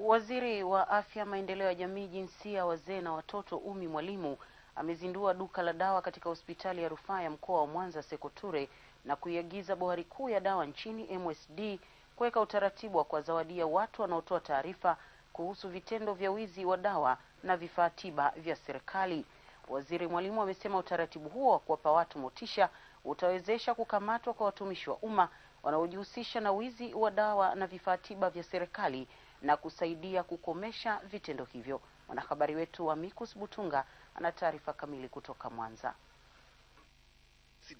Waziri wa Afya, Maendeleo ya Jamii, Jinsia, Wazee na Watoto, umi Mwalimu amezindua duka la dawa katika hospitali ya rufaa ya mkoa wa Mwanza Sekoture na kuiagiza Bohari Kuu ya Dawa nchini MSD kuweka utaratibu wa kuwazawadia watu wanaotoa taarifa kuhusu vitendo vya wizi wa dawa na vifaa tiba vya serikali. Waziri Mwalimu amesema utaratibu huo wa kuwapa watu motisha utawezesha kukamatwa kwa watumishi wa umma wanaojihusisha na wizi wa dawa na vifaa tiba vya serikali na kusaidia kukomesha vitendo hivyo. Mwanahabari wetu Mikus Butunga ana taarifa kamili kutoka Mwanza.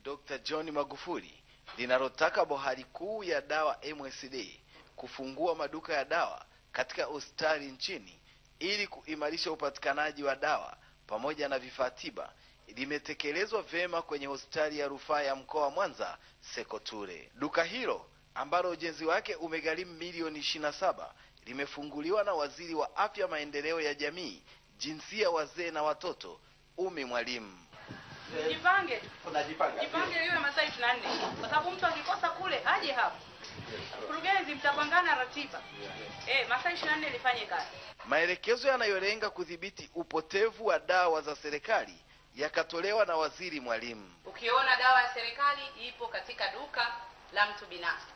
Dr. John Magufuli linalotaka bohari kuu ya dawa MSD kufungua maduka ya dawa katika hospitali nchini ili kuimarisha upatikanaji wa dawa pamoja na vifaa tiba limetekelezwa vyema kwenye hospitali ya rufaa ya mkoa wa Mwanza Sekoture. Duka hilo ambalo ujenzi wake umegharimu milioni ishirini na saba limefunguliwa na Waziri wa Afya, Maendeleo ya Jamii, Jinsia, Wazee na Watoto, Umi Mwalimu. Jipange, jipange masaa kwa sababu mtu akikosa kule aje hapa. Mkurugenzi, mtapangana ratiba eh, masaa lifanye kazi. Maelekezo yanayolenga kudhibiti upotevu wa dawa za serikali yakatolewa na Waziri Mwalimu. Ukiona dawa ya serikali ipo katika duka la mtu binafsi,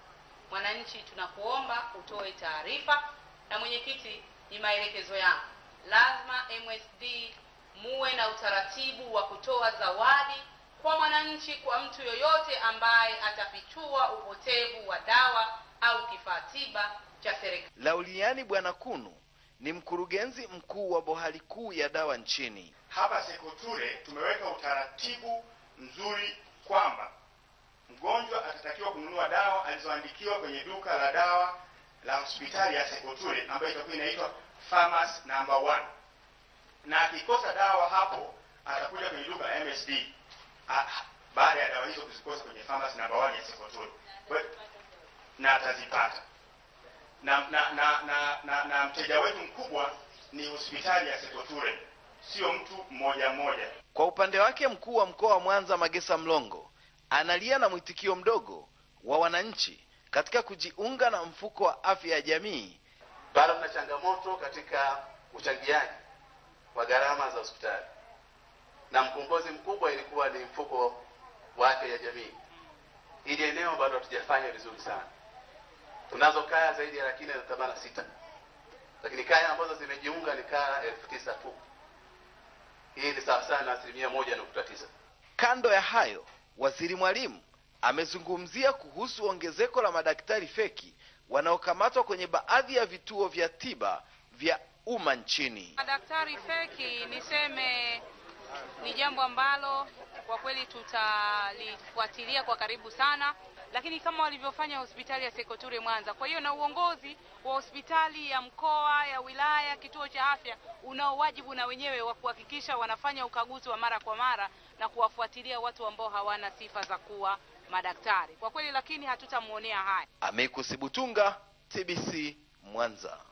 mwananchi, tunakuomba utoe taarifa. Na mwenyekiti, ni maelekezo yangu, lazima MSD muwe na utaratibu wa kutoa zawadi kwa mwananchi, kwa mtu yoyote ambaye atafichua upotevu wa dawa au kifaa tiba cha serikali. Lauliani Bwana Kunu ni mkurugenzi mkuu wa bohari kuu ya dawa nchini. Hapa Sekoture tumeweka utaratibu mzuri kwamba mgonjwa atatakiwa kununua dawa alizoandikiwa kwenye duka la dawa la hospitali ya Sekoture ambayo itakuwa inaitwa Pharmacy Number 1 na akikosa dawa hapo atakuja kwenye duka MSD. Ah, baada ya dawa hizo kuzikosa kwenye pharmacy namba 1 ya Sekotoni na atazipata na na na, na, na, na mteja wetu mkubwa ni hospitali ya Sekoture, sio mtu mmoja mmoja. Kwa upande wake mkuu wa mkoa wa Mwanza Magesa Mlongo analia na mwitikio mdogo wa wananchi katika kujiunga na mfuko wa afya ya jamii. Bado tuna changamoto katika uchangiaji wa gharama za hospitali na mkombozi mkubwa ilikuwa ni mfuko wa afya ya jamii. Ili eneo bado hatujafanya vizuri sana, tunazo kaya zaidi ya laki nne na themanini na sita lakini kaya ambazo zimejiunga ni kaya elfu tisa tu. Hii ni sawa sana na asilimia moja nukta tisa. Kando ya hayo, waziri Mwalimu amezungumzia kuhusu ongezeko la madaktari feki wanaokamatwa kwenye baadhi ya vituo vya tiba vya umma nchini. Madaktari feki niseme jambo ambalo kwa kweli tutalifuatilia kwa karibu sana, lakini kama walivyofanya hospitali ya Sekoture Mwanza. Kwa hiyo na uongozi wa hospitali ya mkoa, ya wilaya, kituo cha afya unao wajibu na wenyewe wa kuhakikisha wanafanya ukaguzi wa mara kwa mara na kuwafuatilia watu ambao hawana sifa za kuwa madaktari kwa kweli, lakini hatutamwonea haya. Amekusibutunga, TBC Mwanza.